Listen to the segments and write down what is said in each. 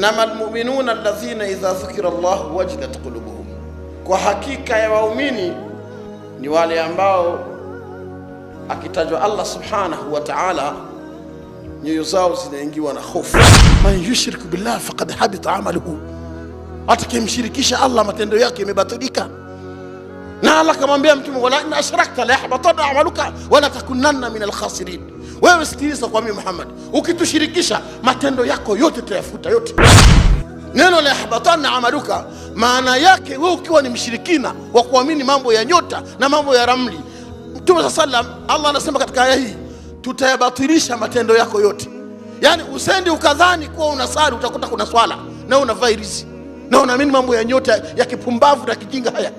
Innama almuminuna alladhina idha dhukira llahu wajilat qulubuhum, kwa hakika ya waumini ni wale ambao akitajwa Allah subhanahu wa ta'ala nyoyo zao zinaingiwa na hofu. Man yushriku billah faqad habita amaluhu, atakimshirikisha Allah matendo yake yamebatilika. Na Allah kamwambia Mtume, wala in ashrakta la yahbatanna amaluka wala takunanna min alkhasirin wewe sikiliza kwa mimi Muhammad, ukitushirikisha matendo yako yote tayafuta yote. Neno la habatana amaluka, maana yake wewe ukiwa ni mshirikina wa kuamini mambo ya nyota na mambo ya ramli, Mtume saa salam, Allah anasema katika aya hii, tutayabatilisha matendo yako yote. Yaani usendi ukadhani kuwa unasali utakuta kuna swala na unavaa irisi na unaamini mambo ya nyota ya kipumbavu na kijinga. Haya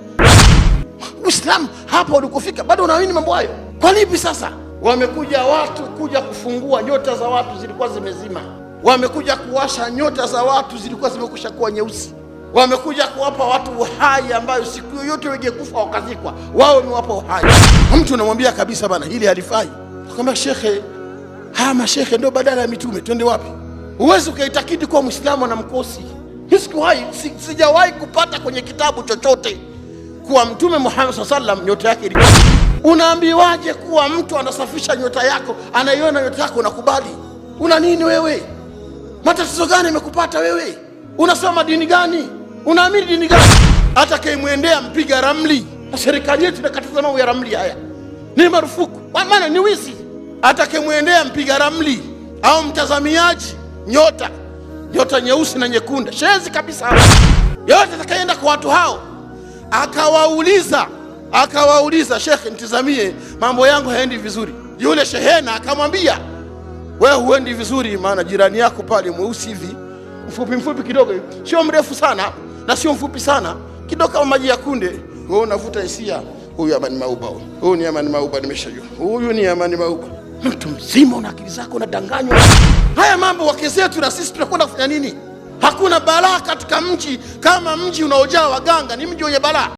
Uislamu hapa ulikufika, bado unaamini mambo hayo kwa nini sasa? Wamekuja watu kuja kufungua, nyota za watu zilikuwa zimezima. Wamekuja kuwasha, nyota za watu zilikuwa zimekusha kuwa nyeusi. Wamekuja kuwapa watu uhai, ambayo siku yoyote wengekufa wakazikwa, wao ni wapo uhai. Mtu unamwambia kabisa, bana, hili halifai. Kama shekhe, haya mashekhe ndio badala ya mitume, twende wapi? Huwezi ukaitakidi kuwa mwislamu na mkosi Sikuwahi, sijawahi kupata kwenye kitabu chochote kuwa Mtume Muhammad sallallahu alaihi wasallam nyota yake ilikuwa Unaambiwaje kuwa mtu anasafisha nyota yako, anaiona nyota yako unakubali? Una nini wewe? Matatizo gani yamekupata wewe? Unasoma dini gani? Unaamini dini gani? Hata kaimwendea mpiga ramli, na serikali yetu imekataza mambo ya ramli, haya ni marufuku, maana ni wizi. Hata kaimwendea mpiga ramli au mtazamiaji nyota, nyota nyeusi na nyekunda shezi kabisa. Yote atakaenda kwa watu hao akawauliza akawauliza shekhe, nitizamie mambo yangu haendi vizuri. Yule shehena akamwambia, wewe huendi vizuri, maana jirani yako pale mweusi hivi mfupi mfupi kidogo, sio mrefu sana na sio mfupi sana kidogo, kama maji ya kunde. Wewe unavuta hisia, huyu Amani Mauba, huyu ni Amani Mauba, nimeshajua huyu ni Amani Mauba. Mtu mzima una akili zako unadanganywa. Haya mambo wake zetu, na sisi tunakwenda kufanya nini? Hakuna balaa katika mji kama mji unaojaa waganga, ni mji wenye balaa.